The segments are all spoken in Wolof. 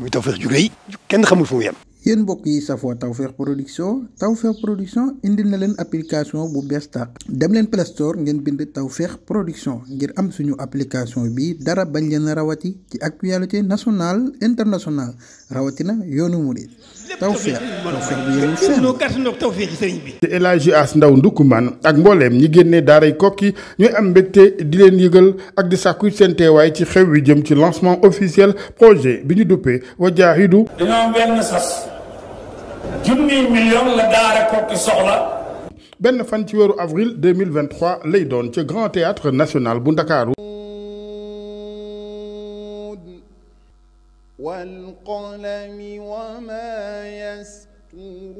muy Tawfekh ju rëy kenn xamul fu mu yem. yéen mbokk yi safoo Tawfekh production Tawfekh production indil na leen application bu bees tàq dem leen Play Store ngeen bind Tawfekh production ngir am suñu application bi dara bañ leen rawati ci actualité nationale internationale rawatina yoonu murid Tawfekh Tawfekh bi yéen seen bi te El Hadji As Ndaw Ndoukoumane ak mbooleem ñi génnee daaray Kokki ñooy am mbégte di leen yëgal ak di sàkku seen teewaay ci xew wi jëm ci lancement officiel projet bi ñu duppee Wadjahidu dañoo junniy million la daara Koki soxla. benn fan ci weeru avril 2023 lay doon ci grand théâtre national bu ndakaaru wal qalami wa ma yasturuun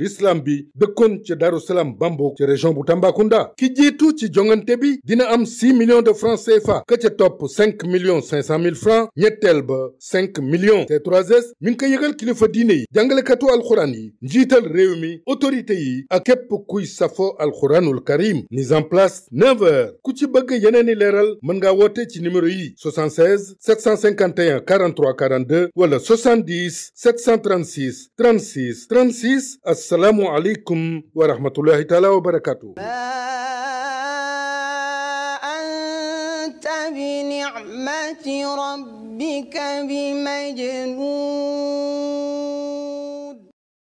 lislaam bi dëkkoon ca Daaru Salaam Bambouk ca région bu Tambacounda ki jiitu ci jongante bi dina am 6 million de francs CFA ka ca topp 5 millions 500 mille francs ñetteel ba 5 millions c 3 mi ngi ko yëgal kilifa diine yi jàngalekatu alxuraan yi njiital réew mi autorité yi ak képp kuy safo alxuraanul karim mise en place 9 ku ci bëgg yeneeni leeral mën ngaa woote ci numéro yi 76 751 43 42 wala 70 736 36 36 wassalaamu aleykum wa rahmatullahi taala wa barakaatu بنعمة ربك بمجنون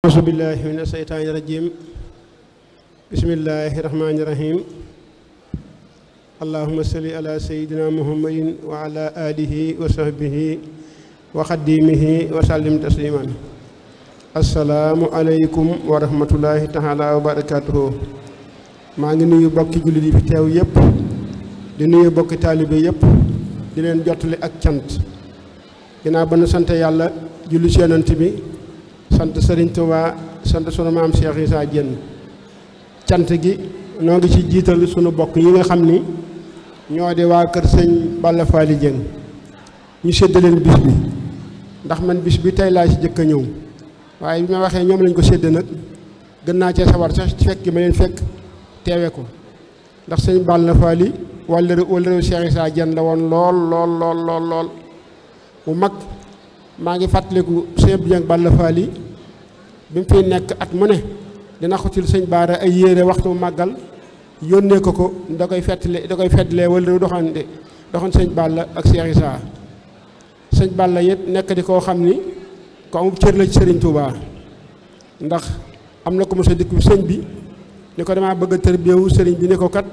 أعوذ بالله من الشيطان الرجيم بسم الله الرحمن الرحيم اللهم صل على سيدنا محمد وعلى آله وصحبه وخديمه وسلم تسليما asalaamualeykum wa rahmatulahi taala wa barakaatuhu maa ngi nuyu bokki jullit yi fi teew yëpp di nuyu bokki taalibe yëpp di leen jottali ak cant ginnaaw ba nu sant yàlla julli ci bi sant Sëriñ Tuubaa sant sunu maam Cheikh Issa Diène cant gi noo ngi ci jiital sunu bokk yi nga xam ni ñoo di waa kër sëñ Balla Faly Dieng ñu séddaleen bis bi ndax man bis bi tey laa ci jëkk a ñëw waaye bi ma waxee ñoom lañu ko séddee nag gën naa cee sawar sax fekk gi ma leen fekk teewe ko ndax sëñ Balla Faali wàllëre wàllëre Cheikh Issa Diène la woon lool lool lool lool bu mag maa ngi fàttaliku sëñ Dieng Balla Faali bi mu fiy nekk at mu ne dina xutil sëñ Baara ay yére waxtu màggal yónnee ko ko da koy fettale da koy fettalee wàllëre doxande doxan sëñ Balla ak Cheikh Issa sëñ Balla yit nekk di koo xam ni ko amub cër la ci sëriñ Touba ndax am na ko mos a dikk sëñ bi ni ko damaa bëgg a sëriñ bi ni ko kat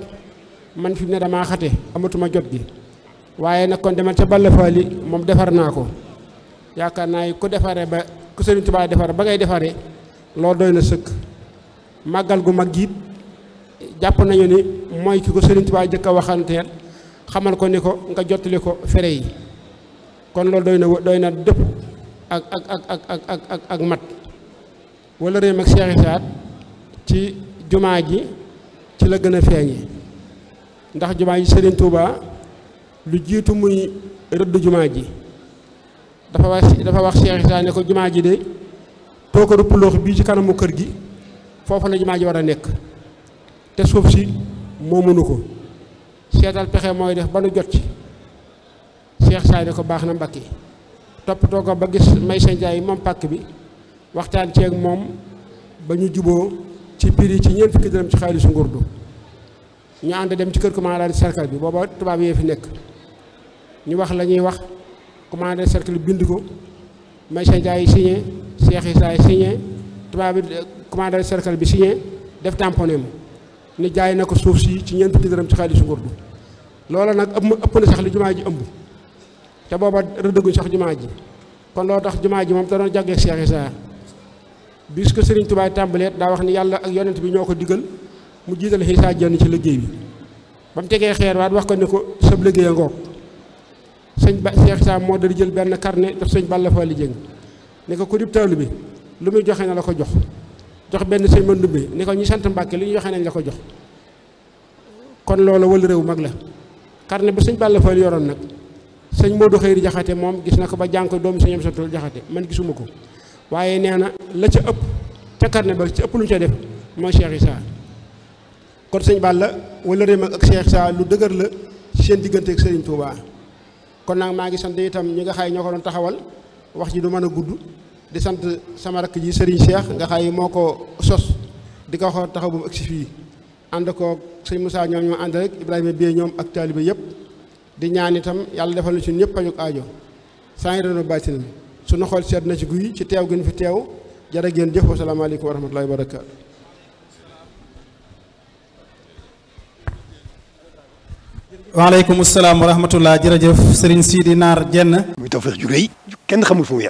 man fi mu ne damaa xate amatuma jot gi waaye nag kon demal ca Balla Faali moom defar naa ko yaakaar naa yi ku defare ba ku sëriñ Touba defar ba ngay defare loolu doy na sëkk màggal gu mag it jàpp nañu ni mooy ki ko sëriñ Touba jëkk a waxanteel xamal ko ne ko nga jottali ko fere yi kon loolu doy na doy na dëpp ak ak ak ak ak mat wala réem ak Cheikh ci jumaa ji ci la gën a feeñe ndax jumaa ji Serigne Touba lu jiitu muy rëdd jumaa ji dafa wax dafa wax Cheikh Isaat ne ko jumaa ji de toogaru puloox bii ci kanamu kër gi foofu la jumaa ji war a nekk te suuf si moo mënu ko seetal pexe mooy def ba nu jot ci Cheikh ne ko baax na Mbàkke toppatoo ko ba gis may sa njaay moom pàkk bi waxtaan ceeg moom ba ñu juboo ci yi ci ñeent fukki dërëm ci xaalisu ngurdu ñu ànd dem ci kër commandant cercle bi booba tubaab yee fi nekk ñu wax la ñuy wax commandant cercle bi bind ko may sa njaay signé Cheikh Issa signé tubaab bi commandant cercle bi signé def tamponné mu ni jaay na ko suuf si ci ñeent fukki dërëm ci xaalisu ngurdu loola nag ëpp ëpp na sax li jumaa ji ëmb te booba rëddaguñ sax jumaa ji kon loo tax jumaa ji moom da doon jàggee Cheikh Issa bis ko Serigne Touba tàmbalee daa wax ni yàlla ak yonent bi ñoo ko diggal mu jiital saa Diène ci liggéey bi ba mu tegee xeer waat wax ko ne ko sab liggéey a ngoog sëñ ba Cheikh Issa moo di jël benn carnet daf sëñ Balla Fally Dieng ne ko ku dib bi lu muy joxe na la ko jox jox benn sëñ ma ndumbe ne ko ñi sant Mbàkke li ñu joxe nañ la ko jox kon loolu wël réew mag la carnet ba sëñ Balla yoroon nag sëñ Modou Xëyri Jaxate moom gis na ko ba jànq doom doomu sëñ am satul Jaxate man gisuma ko waaye nee na la ca ëpp ca ne ba ca ëpp lu ñu ca def mooy Cheikh Issa kon sëñ Balla wala réem ak Cheikh Issa lu dëgër la seen diggante ak Serigne Touba kon nag maa ngi sant itam ñi nga xay ñoo ko doon taxawal wax ji du mën a gudd di sant sama rakk ji Serigne Cheikh nga xay moo ko sos di ko wax taxaw bu mu agsi fii ànd koog sëñ Moussa ñoom ñoo ànd rek Ibrahima Bié ñoom ak taalibe yëpp. di ñaan itam yàlla defal na ci ñëpp ajuk aajo sàngiroonu bàttinam suñu xool seet na ci guy ci teew gi fi teew jar ngeen jëf wasalaamaaleykum wa rahmatullahi wa barakaatu waaleykum salaam wa rahmatulah jërëjëf Serigne Sidi Naar Jenn muy tawfeex ju rëy kenn xamul fu mu